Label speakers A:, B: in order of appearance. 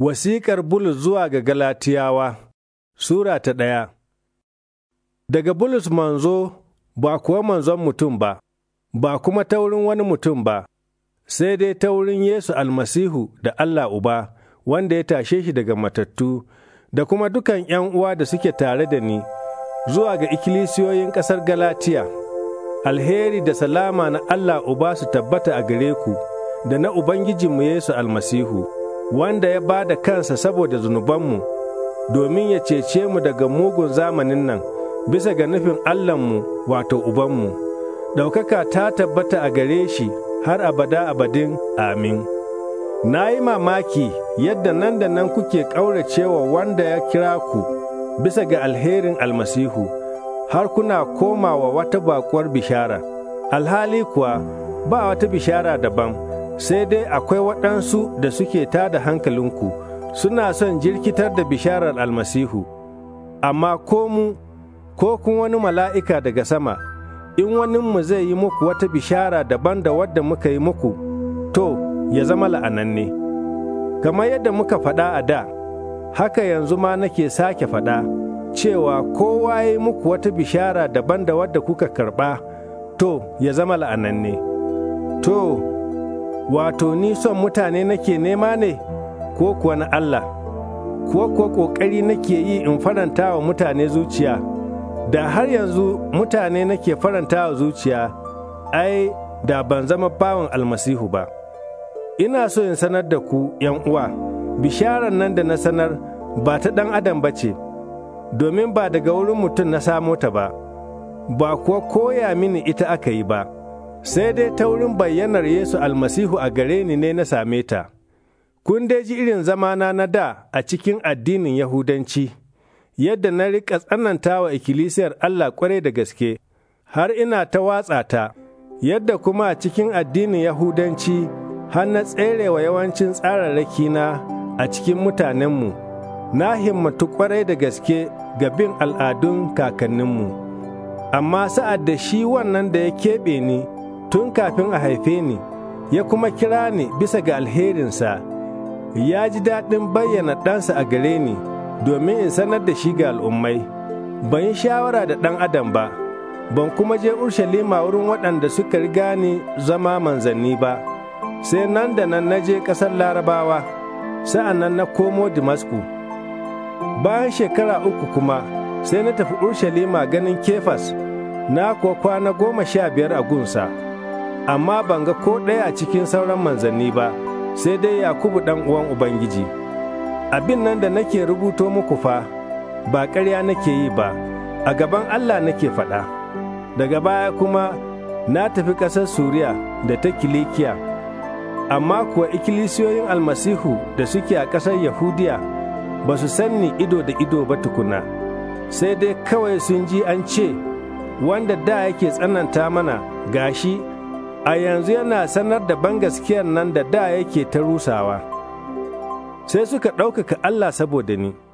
A: Wasiƙar Bulus zuwa ga Galatiyawa Sura ta ɗaya Daga Bulus manzo ba kuwa manzon mutum ba, ba kuma ta wurin wani mutum ba, sai dai ta wurin Yesu almasihu da Allah Uba wanda ya tashe shi daga matattu, da kuma dukan ’yan uwa da suke tare da ni, zuwa ga ikkilisiyoyin ƙasar Galatiya, alheri da salama na Allah Uba su tabbata a gare ku, da na Ubangijinmu Yesu almasihu. wanda ya ba da kansa saboda zunubanmu, domin ya cece mu daga mugun zamanin nan, bisa ga nufin Allahnmu wato Ubanmu. Ɗaukaka ta tabbata a gare shi har abada abadin amin. Na yi mamaki yadda nan da nan kuke ƙauracewa wanda ya kira ku bisa ga alherin almasihu, har kuna komawa wata bakuwar bishara, alhali kuwa ba wata bishara daban. sai dai akwai waɗansu da suke ta da hankalinku suna son jirkitar da bisharar almasihu amma ko mu ko kun wani mala'ika daga sama in mu zai yi muku wata bishara daban da wadda muka yi muku to ya zama la'ananne kamar yadda muka faɗa a da haka yanzu ma nake sake faɗa cewa kowa ya yi muku wata bishara daban da wadda kuka karɓa to ya zama la'ananne to wato ni son mutane nake nema ne ko kuwa na Allah, ko kuwa ƙoƙari nake yi in faranta wa mutane zuciya, da har yanzu mutane nake faranta wa zuciya, ai, da ban zama bawan almasihu ba. Ina so in sanar da ku 'yan uwa, bisharar nan da na sanar ba ta ɗan adam ba ce, domin ba daga wurin mutum na samo ta ba, ba kuwa koya mini ita aka yi ba. sai dai ta wurin bayyanar Yesu almasihu a gare ni ne na same ta. Kun dai ji irin zamana na da a cikin addinin Yahudanci, yadda na riƙa tsananta wa ikkilisiyar Allah ƙwarai da gaske, har ina ta watsa ta, yadda kuma a cikin addinin Yahudanci har na tserewa yawancin tsararraki na a cikin mutanenmu, na himmatu ƙwarai da gaske ga bin al'adun kakanninmu. Amma sa'ad da shi wannan da ya keɓe ni, tun kafin a haife ni ya kuma kira ni bisa ga alherinsa ya ji daɗin bayyana ɗansa a gare ni domin in sanar da shi ga al'ummai ban yi shawara da ɗan adam ba ban kuma je urshalima wurin waɗanda suka riga ni zama manzanni ba sai nan da nan na je ƙasar larabawa sa'an nan na komo damasku bayan shekara uku kuma sai na tafi urshalima ganin kefas na kuwa kwana goma sha biyar a gunsa. amma ban ga ko ɗaya a cikin sauran manzanni ba sai dai yakubu ɗan uwan ubangiji abin nan da nake rubuto muku fa ba ƙarya nake yi ba a gaban allah nake faɗa daga baya kuma na tafi ƙasar suriya da ta kilikiya amma kuwa ikilisiyoyin almasihu da suke a ƙasar yahudiya ba su sanni ido da ido ba tukuna sai dai kawai sun ji an ce wanda da yake tsananta mana gashi a yanzu yana sanar da bangaskiyar nan da da yake ta rusawa, sai suka ɗaukaka Allah saboda ni.